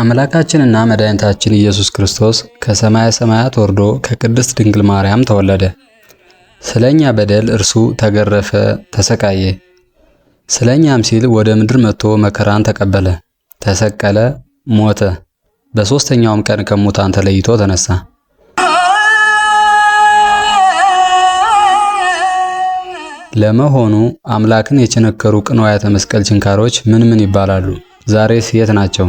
አምላካችንና መድኃኒታችን ኢየሱስ ክርስቶስ ከሰማየ ሰማያት ወርዶ ከቅድስት ድንግል ማርያም ተወለደ። ስለኛ በደል እርሱ ተገረፈ፣ ተሰቃየ። ስለኛም ሲል ወደ ምድር መጥቶ መከራን ተቀበለ፣ ተሰቀለ፣ ሞተ። በሦስተኛውም ቀን ከሙታን ተለይቶ ተነሳ። ለመሆኑ አምላክን የቸነከሩ ቅንዋያተ መስቀል ችንካሮች ምን ምን ይባላሉ? ዛሬስ የት ናቸው?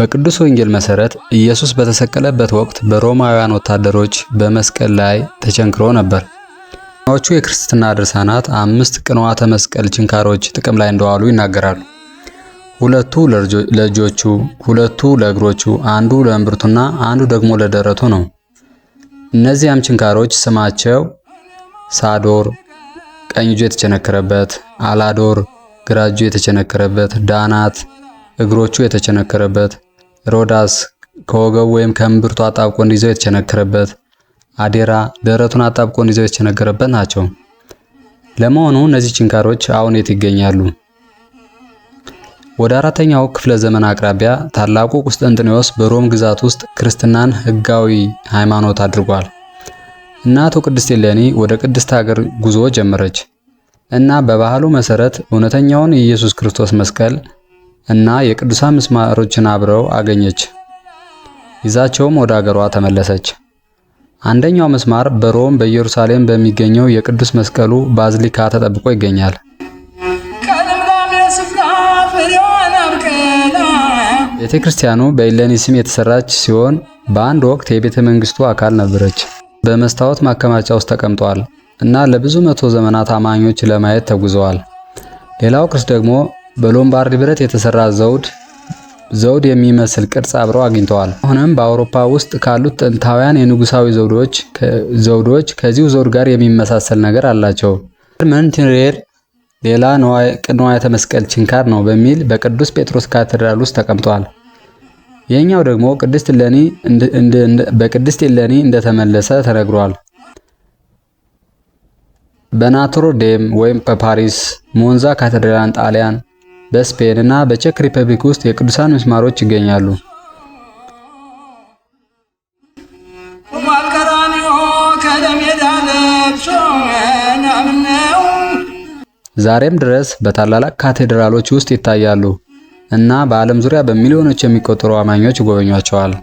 በቅዱስ ወንጌል መሰረት ኢየሱስ በተሰቀለበት ወቅት በሮማውያን ወታደሮች በመስቀል ላይ ተቸንክሮ ነበር። ዎቹ የክርስትና ድርሳናት አምስት ቅንዋተ መስቀል ችንካሮች ጥቅም ላይ እንደዋሉ ይናገራሉ። ሁለቱ ለእጆቹ፣ ሁለቱ ለእግሮቹ፣ አንዱ ለእምብርቱና አንዱ ደግሞ ለደረቱ ነው። እነዚያም ችንካሮች ስማቸው ሳዶር ቀኝ እጁ የተቸነከረበት፣ አላዶር ግራ እጁ የተቸነከረበት፣ ዳናት እግሮቹ የተቸነከረበት፣ ሮዳስ ከወገቡ ወይም ከእምብርቱ አጣብቆ እንዲይዘው የተቸነከረበት፣ አዴራ ደረቱን አጣብቆ እንዲይዘው የተቸነከረበት ናቸው። ለመሆኑ እነዚህ ችንካሮች አሁን የት ይገኛሉ? ወደ አራተኛው ክፍለ ዘመን አቅራቢያ ታላቁ ቁስጥንጥኔዎስ በሮም ግዛት ውስጥ ክርስትናን ሕጋዊ ሃይማኖት አድርጓል። እናቱ ቅድስት ሌኒ ወደ ቅድስት ሀገር ጉዞ ጀመረች እና በባህሉ መሰረት እውነተኛውን የኢየሱስ ክርስቶስ መስቀል እና የቅዱሳን ምስማሮችን አብረው አገኘች። ይዛቸውም ወደ አገሯ ተመለሰች። አንደኛው ምስማር በሮም በኢየሩሳሌም በሚገኘው የቅዱስ መስቀሉ ባዝሊካ ተጠብቆ ይገኛል። ቤተ ክርስቲያኑ በኢሌኒ የተሰራች ሲሆን በአንድ ወቅት የቤተ መንግስቱ አካል ነበረች። በመስታወት ማከማቻ ውስጥ ተቀምጧል እና ለብዙ መቶ ዘመናት አማኞች ለማየት ተጉዘዋል። ሌላው ቅርስ ደግሞ በሎምባርድ ብረት የተሰራ ዘውድ ዘውድ የሚመስል ቅርጽ አብረው አግኝተዋል። አሁንም በአውሮፓ ውስጥ ካሉት ጥንታውያን የንጉሳዊ ዘውዶች ከዚሁ ዘውድ ጋር የሚመሳሰል ነገር አላቸው። መንትሬር ሌላ ንዋያተ መስቀል ችንካር ነው በሚል በቅዱስ ጴጥሮስ ካቴድራል ውስጥ ተቀምጧል። ይህኛው ደግሞ በቅድስት ኢለኒ እንደተመለሰ ተነግሯል። በናትሮ ዴም ወይም በፓሪስ ሞንዛ ካቴድራል ጣሊያን በስፔን እና በቼክ ሪፐብሊክ ውስጥ የቅዱሳን ምስማሮች ይገኛሉ። ዛሬም ድረስ በታላላቅ ካቴድራሎች ውስጥ ይታያሉ እና በዓለም ዙሪያ በሚሊዮኖች የሚቆጠሩ አማኞች ይጎበኟቸዋል።